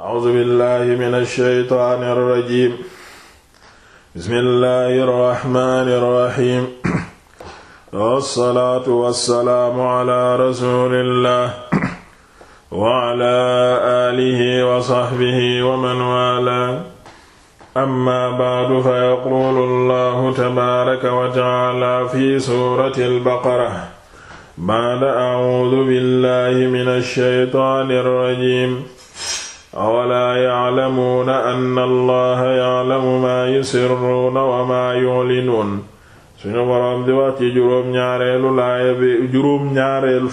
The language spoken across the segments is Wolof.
a'uuzu billaahi mina shaytaani rajiim bismillaahi rahmaani rahiim wassalaatu wassalaamu alaa rasuulillaah wa alaa aalihi wa sahbihi wa man waalaa amma ba'du fa yaquulu allaahu tabaaraka wa ta'aalaa fi suuratil baqara ba'da a'uuzu billaahi mina shaytaani rajiim awalaa ya'lamuuna anna allaha ya'lamu maa yusirruuna wa maa yu'linuun suñu boroom di wax ci juróom ñaareelu laaya bi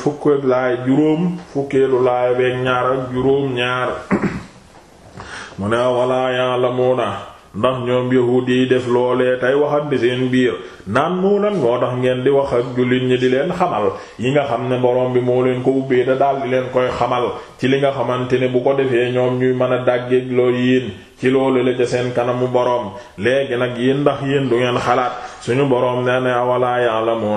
fukkeelu laaya beeg ñaar ak mu ne awalaa ya'lamuuna ndax ñoom yahuud yi def loolee tey waxandi seen biir naan moo lan moo tax ngeen di wax ak jullit ñi di leen xamal yi nga xam ne borom bi moo leen ko ubbee da daal di leen koy xamal ci li nga xamante ne bu ko defee ñoom ñuy mën a dàggeeg loo yiin ci loolu la ca seen kanamu boroom léegi nag yéen ndax yéen du ngeen xalaat suñu boroom nee ne awalaa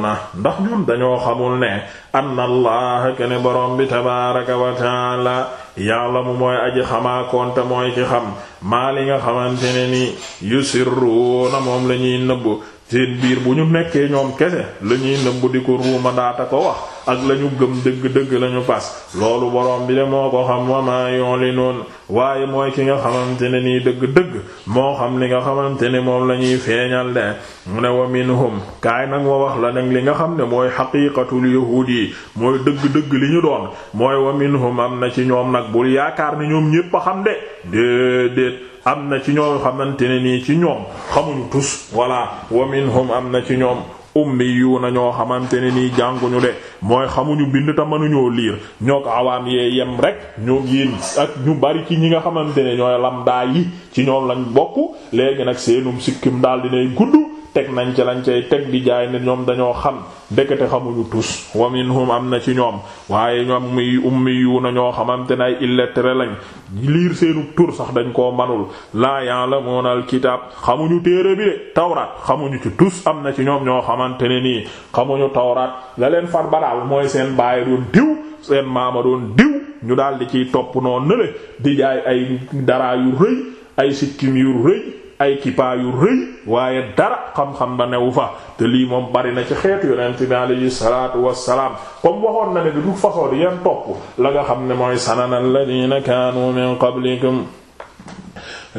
na ndax ñoom dañoo xamul ne anna allah kene boroom bi tabaaraka wa taala mu mooy aji xamaa konte mooy ki xam maa li nga xamante ne ni yusirruuna moom la ñuy nëbb seen biir bu ñu nekkee ñoom kese la ñuy nëbb di ko ruuma daata ko wax ak la ñu gëm dëgg-dëgg la ñu fas loolu borom bi de moo ko xam wa maa yu'linuun waaye mooy ki nga xamante ne nii dëgg-dëgg moo xam li nga xamante ne moom la ñuy feeñal de mu ne wa minhum kaay nag ma wax la nag li nga xam ne mooy xaqiiqatul yahuud yi mooy dëgg-dëgg li ñu doon mooy wamin minhum am na ci ñoom nag bul yaakaar ni ñoom ñépp a xam de déedéet am na ci ñoo xamante ne nii ci ñoom xamuñu tus walla wa minhum am na ci ñoom ummiyuuna ñoo xamante ne nii jànguñu de mooy xamuñu bind te mënuñoo liir ñoo ko awaam yee yem rek ñoo yéen ak ñu bari ci ñi nga xamante ne ñooy lamdaa yi ci ñoom lañ bokk léegi nag seenum sikkim daal dinay gudd teg nañ ci lañ cay teg di jaay ne ñoom dañoo xam ndekete xamuñu tus wa minhum am na ci ñoom waaye ñoom muy ummi yu na ñoo xamante ne ay illettrés lañ liir seenu tur sax dañ koo manul laa ya'lamuna alkitab xamuñu téere bi de tawraat xamuñu ci tus am na ci ñoom ñoo xamante ne nii xamuñu tawraat la leen far badaal mooy seen baay doon diw seen maama doon diw ñu daal di ciy topp noo nële di jaay ay dara yu rëy ay sikkim yu rëy ay kipaa yu rëy waaye dara xam-xam ba newu fa te lii moom bari na ci xeet yonent bi salaatu wassalaam comme waxoon na ne de toute façon di yeen topp la nga xam ne mooy sanana alladina kaanu min qablikum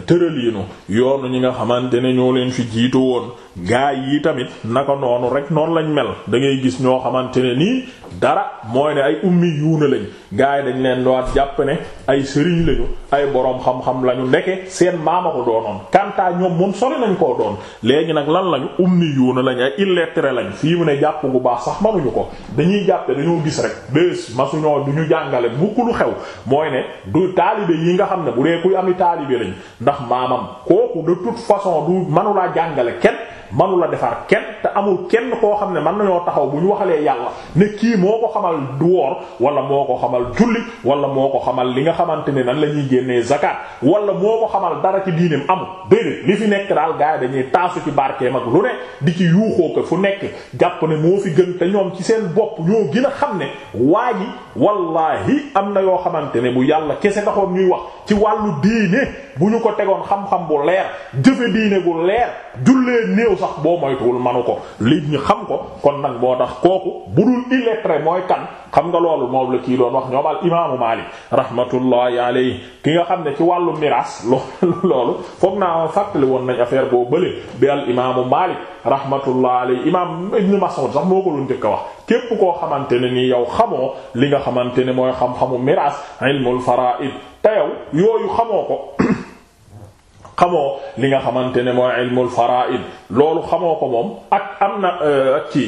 tëraliinu yoonu ñi nga xamante ne ñoo leen fi jiitu woon gaa yi tamit naka noonu rek noonu lañ mel da ngay gis ñoo xamante ne nii dara mooy ne ay ummi yuuna lañ gaa yi dañ leen doon jàpp ne ay sëriñ lañu ay borom xam-xam lañu ndeke seen maama ko doonoon. kantaa ñoom moom sori nañ koo doon léegi nag lan lañu ummi yuuna lañu ay illettré lañ fii mu ne jàpp gu baax sax manuñu ko dañuy jàppe dañoo gis rek bés masuñoo du ñu jàngale mukk lu xew mooy ne du taalibe yi nga xam ne bu dee kuy ami taalibe lañ ndax maamam kooku de toute façon du manula jàngale kenn manu la defar kenn te amul kenn koo xam ne mën nañoo taxaw bu ñu waxalee yàlla ne kii moo ko xamal duwoor wala moo ko xamal julli wala moo ko xamal li nga xamante ne nan la ñuy génnee zakat wala moo ko xamal dara ci diineem amul déedéet li fi nekk daal gars yi dañuy taasu ci barke ak lu ne di ci yuuxoo ko fu nekk jàpp ne moo fi gën te ñoom ci seen bopp ñoo gën a xam ne waa ji wallaahi am na yoo xamante ne bu yàlla kese taxoon ñuy wax ci wàllu diine bu ñu ko tegoon xam-xam bu leer jëfe diine sax boo moytuwul manu ko liit ñi xam ko kon nag moo tax kooku bu dul illettré mooy kan xam nga loolu moom la kii doon wax ñoom al imaamu Maalik rahmatullahi alayhi ki nga xam ne ci wàllu miraas loolu foog naa fàttali nañ affaire boo bële bi al imaamu Maalik rahmatullahi alayhi imaam Ibn Mas'ud sax moo ko doon njëkk wax képp koo xamante ne nii yow xamoo li nga xamante ne mooy xam-xamu miraas ilmul faraa'id te yow yooyu xamoo ko xamoo li nga xamante ne mooy ilmul fara'id loolu xamoo ko moom ak am na euh, ak ci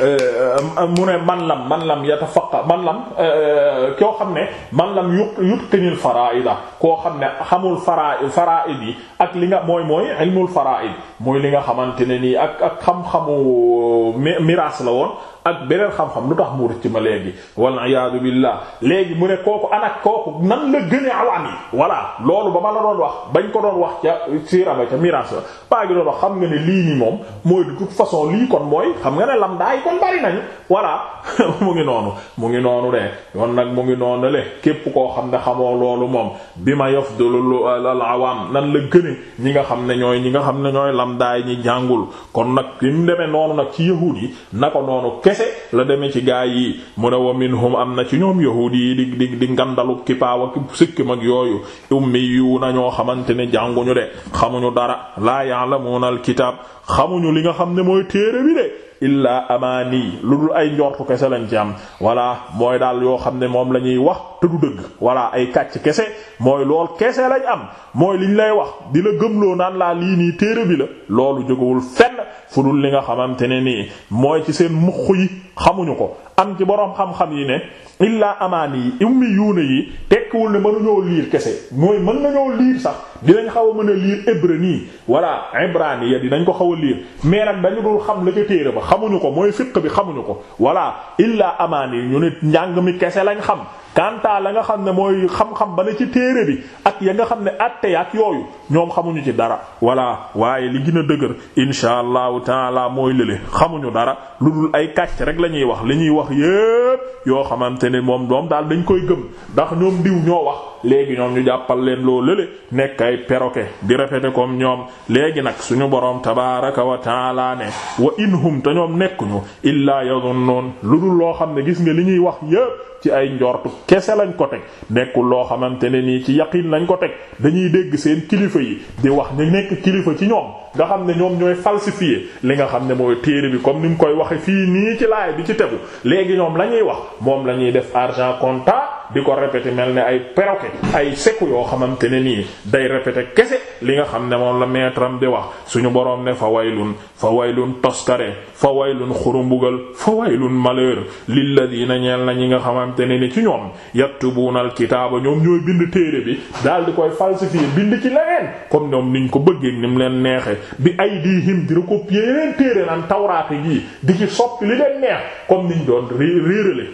Euh, euh, mu ne man lam man lam yatafaqa man lam euh, koo xam ne man lam yut yutqinil faraida koo xam ne xamul faraa faraid yi ak li nga mooy mooy ilmul faraid mooy li nga xamante ne nii ak ak xam-xamu miraas la woon ak beneen xam-xam lu tax mu rëcc ma léegi wal iyaadu billah léegi mu ne kooku anak kooku nan la gënee awaan yi voilà loolu ba ma la doon wax bañ ko doon wax ca siira ba ca miraas la paa gi xam nga ne lii nii moom mooy de toute façon lii kon mooy xam nga ne lam daa yi kon bari nañu voilà mu ngi noonu mu ngi noonu de yoon nag mu ngi noonu le képp koo xam ne xamoo loolu moom bi ma yof dulu eh, al awam nan la gëne ñi nga xam ne ñooy ñi nga xam ne ñooy lamdaay ñi jàngul kon nag li mu noonu nag ci yahuud yi na ko noonu kese la demee ci gaay yi mu ne wa minhum am na ci ñoom yahuud yi di di di ngandalu kipaawa sikki mag yooyu ummi yu na ñoo xamante ne jànguñu de xamuñu dara la ya'lamuna al kitab xamuñu li nga xam ne mooy téere bi amaani lu dul ay njortu kese lañ ci am voilà mooy daal yoo xam ne moom la ñuy wax te du dëgg voilà ay kàcc kese mooy lool kese lañ am mooy liñ lay wax di la gëmloo naan laa lii nii téere bi la loolu jógewul fenn fu dul li nga xamante ne nii mooy ci seen mukk yi xamuñu ko am ci boroom xam-xam yi ne illaa amaani yi ummi yuuna yi tekkiwul ne mënuñoo liir kese mooy mën nañoo liir sax dinañ xaw a mën a liir hébrani walla ibrani ya dinañ ko xaw a liir mais nag dañu dul xam la ca téere ba xamuñu ko mooy fiq bi xamuñu ko walla illaa amaani yi ñu ne njàng mi kese lañ xam kanta la nga xam ne mooy xam-xam ba ne ci téere bi ak ya nga xam ne atte ak yooyu ñoom xamuñu ci dara voilà waaye li gën a dëgër insha allahu taala mooy lële xamuñu dara lu dul ay kàcc rek la ñuy wax li ñuy wax yépp yoo xamante ne moom doom daal dañ koy gëm ndax ñoom diw ñoo wax léegi ñoom ñu jàppal leen loo lële nekk ay perroquet di rafete comme ñoom léegi nag suñu boroom tabaraka wa taala ne wa inhum te ñoom nekkuñu illaa yadhunnun lu dul loo xam ne gis nga li ñuy wax yépp ci ay njort kese lañ ko teg nekkul loo xamante ne nii ci yaqiin lañ ko teg dañuy dégg seen kilifa yi di wax ñu nekk kilifa ci ñoom nga xam ne ñoom ñooy falsifier li nga xam ne mooy téere bi comme ni mu koy waxee fii nii ci laay bi ci tegu léegi ñoom la ñuy wax moom la ñuy def argent comptant di ko répété mel ne ay perroquet ay seku yoo xamante ne nii day répété kese li nga xam ne moom la maître am di wax suñu boroom ne fa waylun fa waylun toskare fa waylun xurumbugal fa waylun malheur lilladina ñeel na ñi nga xamante ne ni ci ñoom yaktubuuna alkitaaba ñoom ñooy bind téere bi daal di koy falsifier bind ci leneen comme ñoom niñ ko bëggee ni leen neexe bi aydihim di recopier yeneen téere naan tawraate gi di ci soppi li leen neex comme niñ doon réerale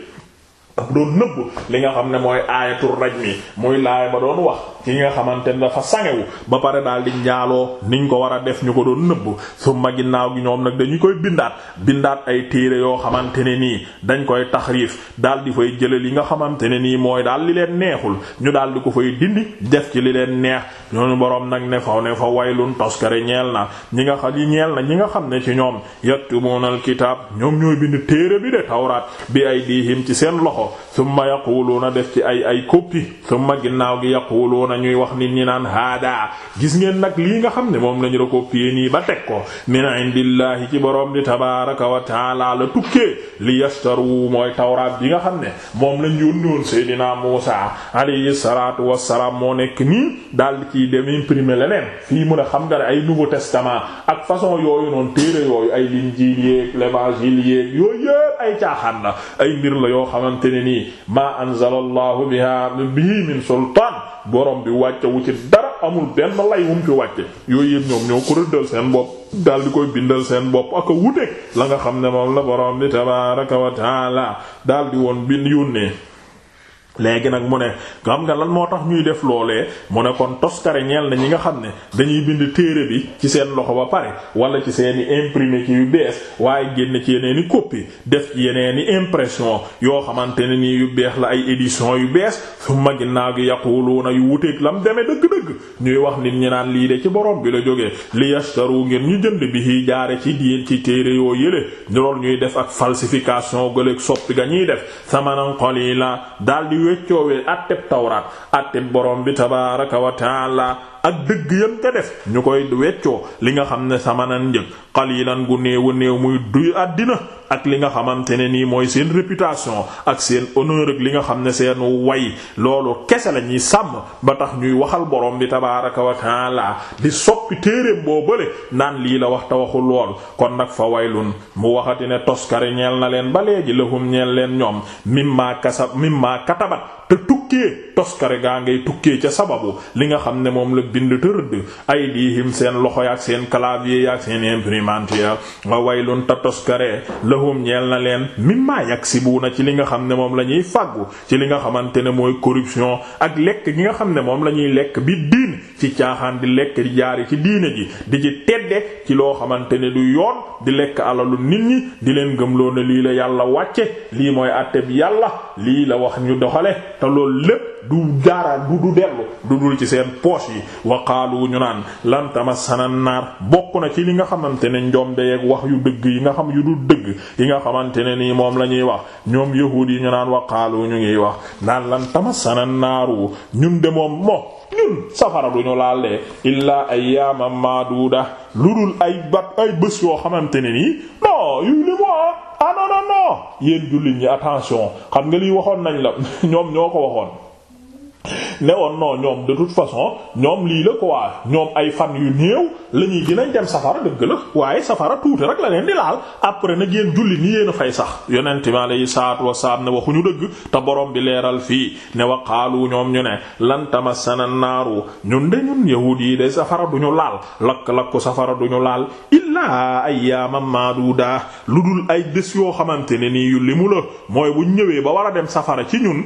ak doon nëbb li nga xam ne mooy aayatul rajmi muy laay ba doon wax ki nga xamante ne dafa sangewu ba pare daal di njaaloo niñ ko war a def ñu ko doon nëbb summa ginnaaw gi ñoom nag dañu koy bindaat bindaat ay téere yoo xamante ne nii dañ koy taxriif daal di fay jële li nga xamante ne nii mooy daal di leen neexul ñu daal di ko fay dindi def ci li leen neex ñooñu boroom nag ne faw ne fa waylun toskare ñeel na ñi nga xam yi ñeel na ñi nga xam ne ci ñoom yaktumuna alkitab ñoom ñooy bind téere bi de tawraat bi ay diihim ci seen loxo summa yaquluna def ci ay ay koppi summa ginnaaw gi yaquluna na ñuy wax nit ñi naan haada gis ngeen nag lii nga xam ne moom lañu recopier nii ba teg ko min indillahi ci borom di tabaraka wa taala la tukkee li yastaru mooy tawraat bi nga xam ne moom lañ yónni woon seydina Muusa alayhi salaatu wassalaam moo nekk nii daal di ciy dem imprimer leneen fii mu ne xam nga ne ay Nouveau Testament ak façon yooyu noonu téere yooyu ay l'Injiil yéeg l'Évangile yéeg yooyu yépp ay caaxaan la ay mbir la yoo xamante ne nii maa anzalallahu biha bihi min sultaan borom bi wàccewu ci dara amul benn lay wum fi wàcce yooyu yëpp ñoom ñoo ko rëddal seen bopp daal koy bindal seen bopp ak a wuteeg la nga xam ne moom la borom bi tabaaraka wa taala daal di woon bind yónnee léegi nag mu ne xam nga lan moo tax ñuy def loolee mu ne kon toskare ñeel na ñi nga xam ne dañuy bind téere bi ci seen loxo ba pare wala ci seen i imprimé yu bees waaye génn ci yeneen i copie def ci yeneen i impression yoo xamante ne nii yu beex la ay édition yu bees su ma ginnaaw gi yàquwuloo na yu wuteeg lam demee dëgg-dëgg ñuy wax nit ñi naan lii de ci borom bi la jógee li yastaru ngir ñu jënd bi yi jaare ci diin ci téere yoo yële lool ñuy def ak falsification gëléeg soppi def di weccoowee atteb tawraat atteb borom bi tabaaraka wa taala ak dëgg yam ca def ñu koy weccoo li nga xam ne samanan njëg qalilan gu néewa néew muy duy àddina ak li nga xamante ne nii mooy seen réputation ak seen honneur ak li nga xam ne seen way loolu kese la ñuy sàmm ba tax ñuy waxal borom bi tabaraka wa taala di soppi téeréem boo bële naan lii la wax ta waxul lool kon nag fa waylun mu waxati ne toskari ñeel na leen ba léegi lahum ñeel leen ñoom mimma kasab mimma katabat te tukk tukkee toskare gaa ngay tukkee ca sababu li nga xam ne moom la bind tërëdd ay diihim seen loxo yaak seen clavier yaak seen imprimante ya wa waylun ta toskare lahum ñeel na leen mimma yaksibuuna ci li nga xam ne moom la ñuy fàggu ci li nga xamante ne mooy corruption ak lekk gi nga xam ne moom la ñuy lekk bi diin ci caaxaan di lekk jaar yi ci diine ji di ci tedde ci loo xamante ne du yoon di lekk alalu nit ñi di leen gëmloo lii la yàlla wàcce lii mooy àtte yàlla loolu lépp du jaara du du dellu du dul ci seen poche yi wa qaalu ñu naan lan tamassana naar bokk na ci li nga xamante ne njombe yeeg wax yu dëgg yi nga xam yu dul dëgg yi nga xamante ne nii moom la ñuy wax ñoom yahuud yi ñu naan wa qaalu ñu ngiy wax naan lan tamassana naaru ñun de moom moo ñun safara duñu laal de illaa ayyaman maaduda lu dul ay bat ay yoo xamante ne nii non non yéen ñi attention xam nga lii waxoon nañ la ñoom ñoo ko waxoon ne woon noo ñoom de toute façon ñoom lii la quoi ñoom ay fan yu néew la ñuy gën a dem safara dëgg la waaye safara tuuti rek la leen di laal après na yéen julli ni yéen a fay sax yonent bi alayhi salaatu wasalaam ne waxuñu dëgg te borom bi leeral fii ne wa qaalu ñoom ñu ne lan tamassana naaru ñun de ñun yahuud yi de safara du ñu laal lakk-lakk safara du ñu laal illaa ayyaaman maaduuda lu dul ay bés yoo xamante ne nii yu limu la mooy bu ñëwee ba war a dem safara ci ñun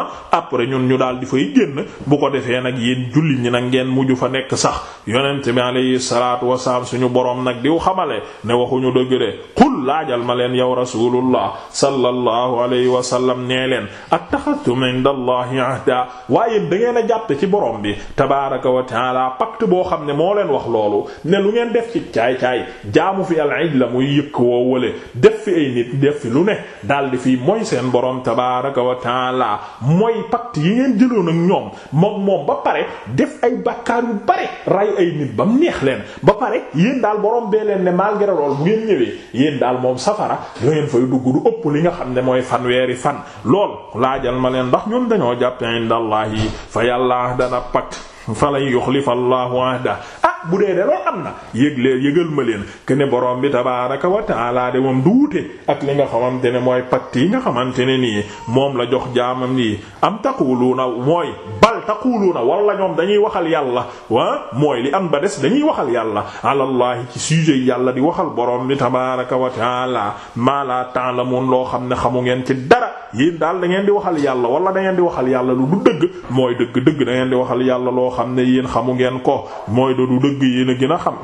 ah après ñun ñu daal di fay génn bu ko defee nag yéen jullit ñi nag ngeen mujj fa nekk sax yonent bi alayhi salaatu wasalaam suñu borom nag diw xamale ne waxuñu dëgg de xul laajal ma leen yow rasulullah sallallahu alayhi wa sallam nee leen attaxadtum indallahi ahda waaye da ngeen a jàppe ci borom bi tabaaraka wa taala pacte boo xam ne moo leen wax loolu ne lu ngeen def ci caay caay jaamu fi al la muy yëkk woo wële def fi ay nit def fi lu ne daal di fi mooy seen borom tabaaraka wa taala mooy pacte yi ngeen jëloon ak ñoom moom moom ba pare def ay bàkkaar yu bare ray ay nit ba mu neex leen ba pare yéen daal borom bee leen ne malgré lool bu ngeen ñëwee yéen daal moom safara yoo ngeen fay dugg du ëpp li nga xam ne mooy fanweeri fan lool laajal ma leen ndax ñoom dañoo jàpp indallahi fa yàlla dana pacte fa lay yuxlifa allahu ahda bu dee de loolu am na yëg leen yëgal ma leen ke ne borom bi tabaaraka wa taala de moom du wute ak li nga xamante ne mooy pacte yi nga xamante ne nii moom la jox jaamam yi am taquluuna mooy bal taquluuna wala ñoom dañuy waxal yàlla wa mooy li am ba des dañuy waxal yàlla alallahi ci sujet yàlla di waxal borom bi tabaaraka wa taala maa la ta'lamun loo xam ne xamu ngeen ci dara yéen daal da ngeen di waxal yàlla wala da ngeen di waxal yàlla lu du dëgg mooy dëgg dëgg da ngeen di waxal yàlla loo xam ne yéen xamu ngeen ko mooy du dëgg yéen a gën a xam.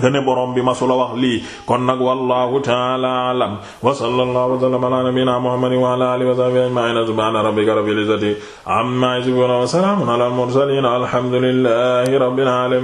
tene borom bi masula wax lii kon nag wallahu ta'ala alam wa sallallahu wa sallama ala nabiyyina muhammadin wa ala alihi wa sahbihi ajma'in subhana rabbika rabbil izzati amma yasifun wa salamun ala al mursalin alhamdulillahi rabbil alamin